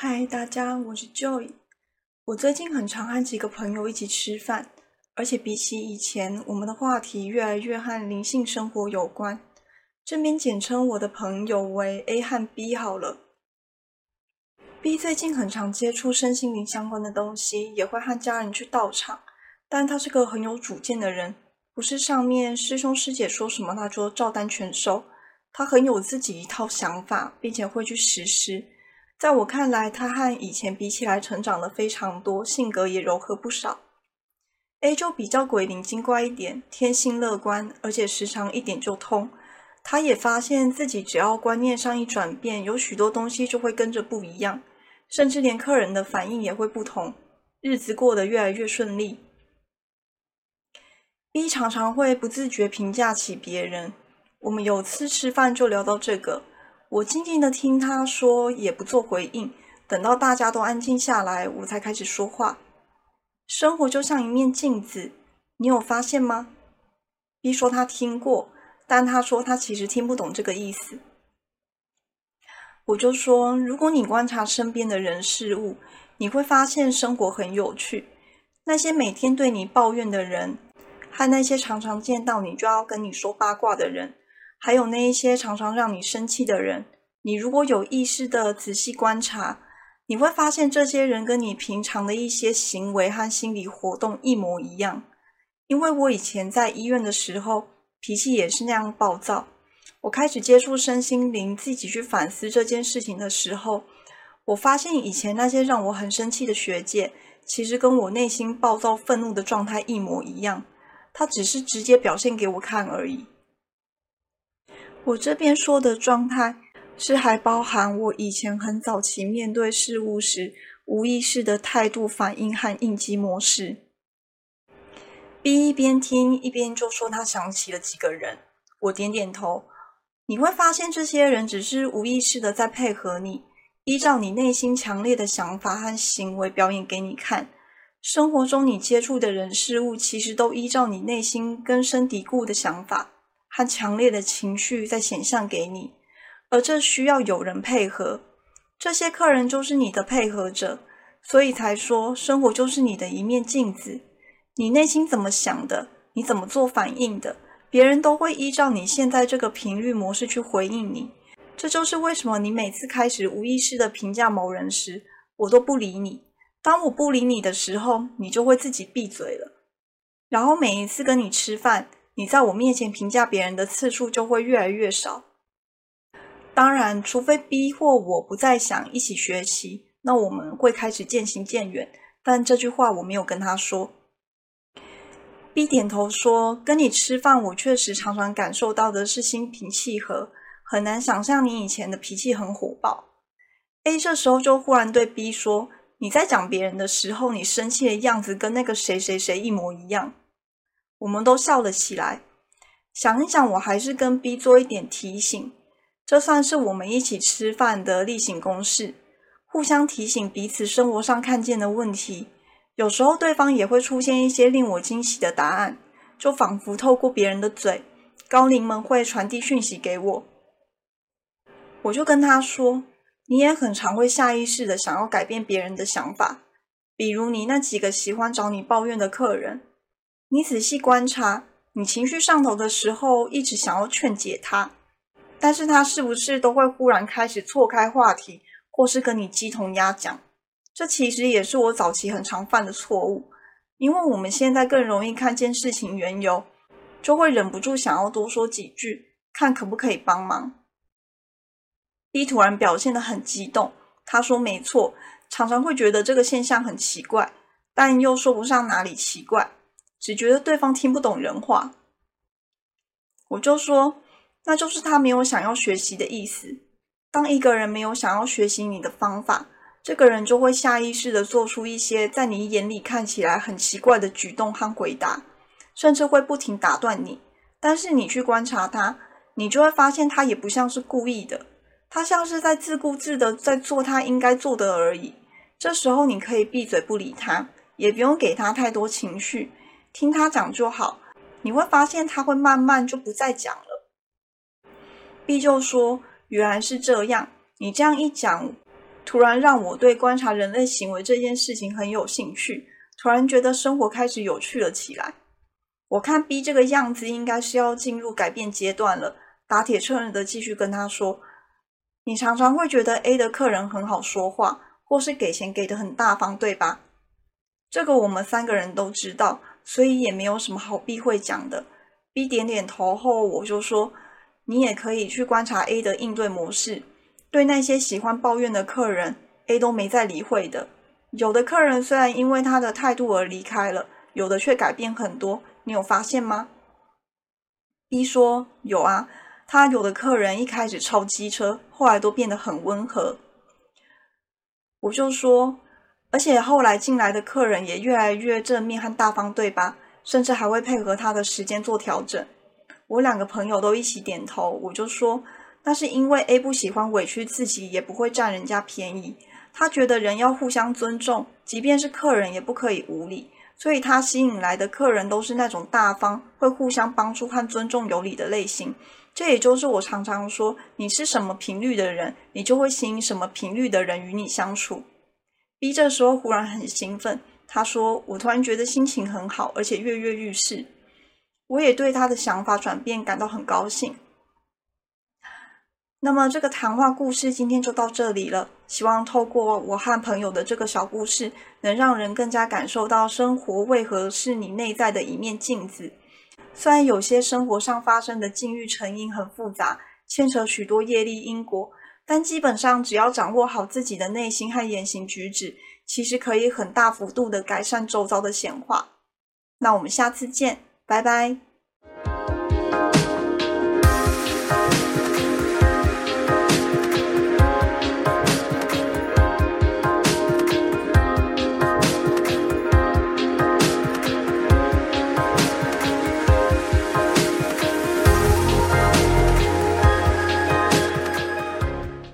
嗨，大家，我是 Joy。我最近很常和幾個朋友一起吃飯，而且比起以前，我們的話題越來越和靈性生活有關。這邊簡稱我的朋友為 A 和 B 好了。B 最近很常接觸身心靈相關的東西，也會和家人去道場，但他是個很有主見的人，不是上面師兄師姐說什麼他就照單全收，他很有自己一套想法，並且會去實施。在我看來，他和以前比起來成長了非常多，性格也柔和不少。A 就比較鬼靈精怪一點，天性樂觀，而且時常一點就通。他也發現自己只要觀念上一轉變，有許多東西就會跟着不一樣，甚至連客人的反應也會不同，日子過得越來越順利。B 常常會不自覺評價起別人。我們有次吃飯就聊到這個。我靜靜的聽他說，也不做回應。等到大家都安靜下來，我才開始說話。生活就像一面鏡子，你有發現嗎？B 說他聽過，但他說他其實聽不懂這個意思。我就說，如果你觀察身邊的人事物，你會發現生活很有趣。那些每天對你抱怨的人，和那些常常見到你就要跟你說八卦的人。還有那一些常常讓你生氣的人，你如果有意識的仔細觀察，你會發現這些人跟你平常的一些行為和心理活動一模一樣。因為我以前在醫院的時候，脾氣也是那樣暴躁。我開始接觸身心靈，自己去反思這件事情的時候，我發現以前那些讓我很生氣的學姐，其實跟我內心暴躁憤怒的狀態一模一樣，她只是直接表現給我看而已。我這邊說的狀態，是還包含我以前很早期面對事物時無意識的態度、反應和應激模式。B 一邊聽一邊就說他想起了幾個人，我點點頭。你會發現，這些人只是無意識的在配合你，依照你內心強烈的想法和行為表演給你看。生活中你接觸的人事物，其實都依照你內心根深蒂固的想法。他強烈的情緒在顯象給你，而這需要有人配合。這些客人就是你的配合者，所以才說生活就是你的一面鏡子。你內心怎麼想的，你怎麼做反應的，別人都會依照你現在這個頻率模式去回應你。這就是為什麼你每次開始無意識的評價某人時，我都不理你。當我不理你的時候，你就會自己閉嘴了。然後每一次跟你吃飯。你在我面前評價別人的次數就會越來越少。當然，除非 B 或我不再想一起學習，那我們會開始漸行漸遠。但這句話我沒有跟他說。B 點頭說：“跟你吃飯，我確實常常感受到的是心平氣和，很難想象你以前的脾氣很火爆。”A 這時候就忽然對 B 說：“你在講別人的時候，你生氣的樣子跟那個誰誰誰一模一樣。”我們都笑了起來，想一想，我還是跟 B 做一點提醒，這算是我們一起吃飯的例行公事，互相提醒彼此生活上看見的問題。有時候對方也會出現一些令我驚喜的答案，就仿佛透過別人的嘴，高靈們會傳遞訊息給我。我就跟他說：“你也很常會下意識的想要改變別人的想法，比如你那幾個喜歡找你抱怨的客人。”你仔細觀察，你情緒上頭的時候，一直想要勸解他，但是他是不是都會忽然開始錯開話題，或是跟你雞同鴨講？這其實也是我早期很常犯的錯誤，因為我們現在更容易看見事情緣由，就會忍不住想要多說幾句，看可不可以幫忙。B 突然表現得很激動，他說沒錯，常常會覺得這個現象很奇怪，但又說不上哪裡奇怪。只覺得對方聽不懂人話，我就說，那就是他沒有想要學習的意思。當一個人沒有想要學習你的方法，這個人就會下意識的做出一些在你眼裡看起來很奇怪的舉動和回答，甚至會不停打斷你。但是你去觀察他，你就會發現他也不像是故意的，他像是在自顧自的在做他應該做的而已。這時候你可以閉嘴不理他，也不用給他太多情緒。聽他講就好，你會發現他會慢慢就不再講了。B 就說：“原來是這樣，你這樣一講，突然讓我對觀察人類行為這件事情很有興趣，突然覺得生活開始有趣了起來。”我看 B 這個樣子，應該是要進入改變階段了。打鐵趁熱的繼續跟他說：“你常常會覺得 A 的客人很好說話，或是給錢給得很大方，對吧？這個我們三個人都知道。”所以也沒有什麼好避諱講的。B 點點頭後，我就說：“你也可以去觀察 A 的應對模式。對那些喜歡抱怨的客人，A 都沒再理會的。有的客人雖然因為他的態度而離開了，有的卻改變很多。你有發現嗎？”B 說：“有啊，他有的客人一開始超機車，後來都變得很溫和。”我就說。而且後來進來的客人也越來越正面和大方，對吧？甚至還會配合他的時間做調整。我兩個朋友都一起點頭，我就說，那是因為 A 不喜歡委屈自己，也不會佔人家便宜。他覺得人要互相尊重，即便是客人也不可以無理。所以，他吸引來的客人都是那種大方、會互相幫助和尊重有禮的類型。這也就是我常常說，你是什麼頻率的人，你就會吸引什麼頻率的人與你相處。B 這時候忽然很興奮，他說：“我突然覺得心情很好，而且躍躍欲試。”我也對他的想法轉變感到很高興。那麼，這個談話故事今天就到這裡了。希望透過我和朋友的這個小故事，能讓人更加感受到生活為何是你內在的一面鏡子。雖然有些生活上發生的境遇成因很複雜，牽扯許多業力因果。但基本上，只要掌握好自己的內心和言行舉止，其實可以很大幅度地改善周遭的顯化。那我們下次見，拜拜。